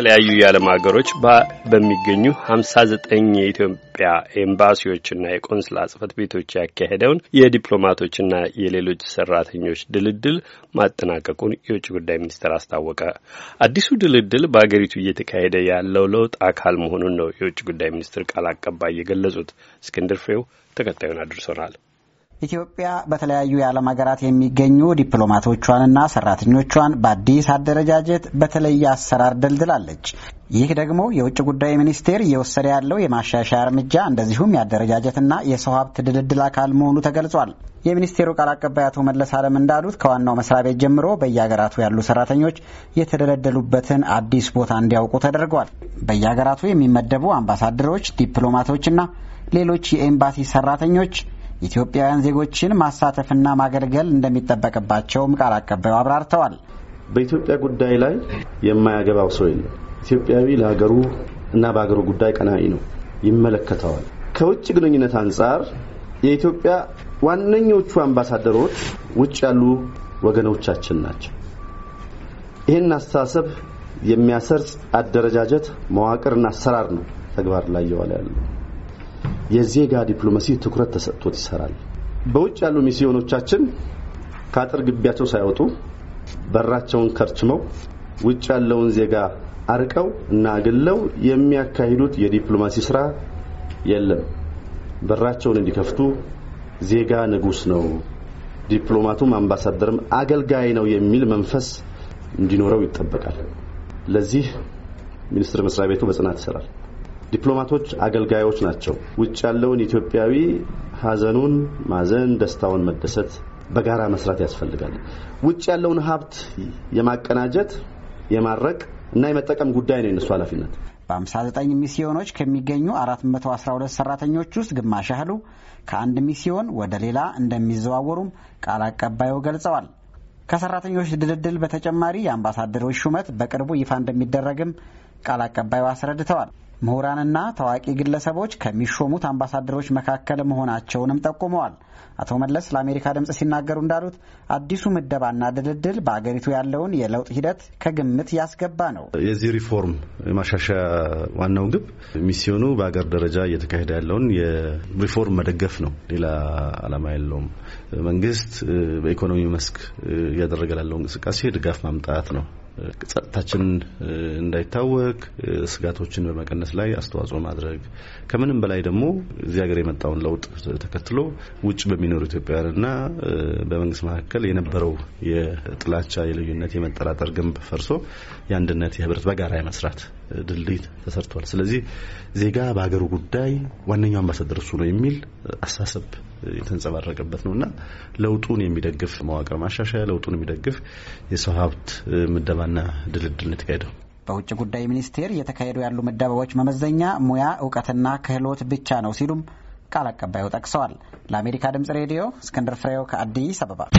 በተለያዩ የዓለም ሀገሮች በሚገኙ 59 የኢትዮጵያ ኤምባሲዎችና የቆንስላ ጽህፈት ቤቶች ያካሄደውን የዲፕሎማቶችና የሌሎች ሰራተኞች ድልድል ማጠናቀቁን የውጭ ጉዳይ ሚኒስቴር አስታወቀ። አዲሱ ድልድል በአገሪቱ እየተካሄደ ያለው ለውጥ አካል መሆኑን ነው የውጭ ጉዳይ ሚኒስትር ቃል አቀባይ የገለጹት። እስክንድር ፍሬው ተከታዩን አድርሶናል። ኢትዮጵያ በተለያዩ የዓለም ሀገራት የሚገኙ ዲፕሎማቶቿንና ሰራተኞቿን በአዲስ አደረጃጀት በተለየ አሰራር ደልድላለች። ይህ ደግሞ የውጭ ጉዳይ ሚኒስቴር እየወሰደ ያለው የማሻሻያ እርምጃ እንደዚሁም የአደረጃጀትና የሰው ሀብት ድልድል አካል መሆኑ ተገልጿል። የሚኒስቴሩ ቃል አቀባይ አቶ መለስ አለም እንዳሉት ከዋናው መስሪያ ቤት ጀምሮ በየሀገራቱ ያሉ ሰራተኞች የተደለደሉበትን አዲስ ቦታ እንዲያውቁ ተደርጓል። በየሀገራቱ የሚመደቡ አምባሳደሮች፣ ዲፕሎማቶችና ሌሎች የኤምባሲ ሰራተኞች ኢትዮጵያውያን ዜጎችን ማሳተፍና ማገልገል እንደሚጠበቅባቸውም ቃል አቀባዩ አብራርተዋል። በኢትዮጵያ ጉዳይ ላይ የማያገባው ሰው የለም። ኢትዮጵያዊ ለሀገሩ እና በሀገሩ ጉዳይ ቀናኢ ነው፣ ይመለከተዋል። ከውጭ ግንኙነት አንጻር የኢትዮጵያ ዋነኞቹ አምባሳደሮች ውጭ ያሉ ወገኖቻችን ናቸው። ይህን አስተሳሰብ የሚያሰርጽ አደረጃጀት መዋቅርና አሰራር ነው ተግባር ላይ እየዋለ ያለው። የዜጋ ዲፕሎማሲ ትኩረት ተሰጥቶት ይሰራል። በውጭ ያሉ ሚስዮኖቻችን ከአጥር ግቢያቸው ሳይወጡ በራቸውን ከርችመው ውጭ ያለውን ዜጋ አርቀው እና አግለው የሚያካሂዱት የዲፕሎማሲ ስራ የለም። በራቸውን እንዲከፍቱ ዜጋ ንጉስ ነው፣ ዲፕሎማቱም አምባሳደርም አገልጋይ ነው የሚል መንፈስ እንዲኖረው ይጠበቃል። ለዚህ ሚኒስቴር መስሪያ ቤቱ በጽናት ይሰራል። ዲፕሎማቶች አገልጋዮች ናቸው። ውጭ ያለውን ኢትዮጵያዊ ሀዘኑን ማዘን፣ ደስታውን መደሰት በጋራ መስራት ያስፈልጋል። ውጭ ያለውን ሀብት የማቀናጀት የማድረቅ እና የመጠቀም ጉዳይ ነው የነሱ ኃላፊነት። በ59 ሚስዮኖች ከሚገኙ 412 ሰራተኞች ውስጥ ግማሽ ያህሉ ከአንድ ሚስዮን ወደ ሌላ እንደሚዘዋወሩም ቃል አቀባዩ ገልጸዋል። ከሰራተኞች ድልድል በተጨማሪ የአምባሳደሮች ሹመት በቅርቡ ይፋ እንደሚደረግም ቃል አቀባዩ አስረድተዋል። ምሁራንና ታዋቂ ግለሰቦች ከሚሾሙት አምባሳደሮች መካከል መሆናቸውንም ጠቁመዋል። አቶ መለስ ለአሜሪካ ድምፅ ሲናገሩ እንዳሉት አዲሱ ምደባና ድልድል በአገሪቱ ያለውን የለውጥ ሂደት ከግምት ያስገባ ነው። የዚህ ሪፎርም ማሻሻያ ዋናው ግብ ሚስዮኑ በአገር ደረጃ እየተካሄደ ያለውን የሪፎርም መደገፍ ነው። ሌላ ዓላማ የለውም። መንግስት በኢኮኖሚ መስክ እያደረገ ላለው እንቅስቃሴ ድጋፍ ማምጣት ነው። ጸጥታችን እንዳይታወክ ስጋቶችን በመቀነስ ላይ አስተዋጽኦ ማድረግ ከምንም በላይ ደግሞ እዚህ ሀገር የመጣውን ለውጥ ተከትሎ ውጭ በሚኖሩ ኢትዮጵያውያንና በመንግስት መካከል የነበረው የጥላቻ፣ የልዩነት፣ የመጠራጠር ግንብ ፈርሶ የአንድነት፣ የህብረት በጋራ መስራት ድልድይ ተሰርቷል። ስለዚህ ዜጋ በሀገሩ ጉዳይ ዋነኛው አምባሳደር እሱ ነው የሚል አሳሰብ የተንጸባረቀበት ነው እና ለውጡን የሚደግፍ መዋቅር ማሻሻያ፣ ለውጡን የሚደግፍ የሰው ሀብት ምደባና ድልድል የተካሄደው በውጭ ጉዳይ ሚኒስቴር እየተካሄዱ ያሉ ምደባዎች መመዘኛ ሙያ፣ እውቀትና ክህሎት ብቻ ነው ሲሉም ቃል አቀባዩ ጠቅሰዋል። ለአሜሪካ ድምጽ ሬዲዮ እስክንድር ፍሬው ከአዲስ አበባ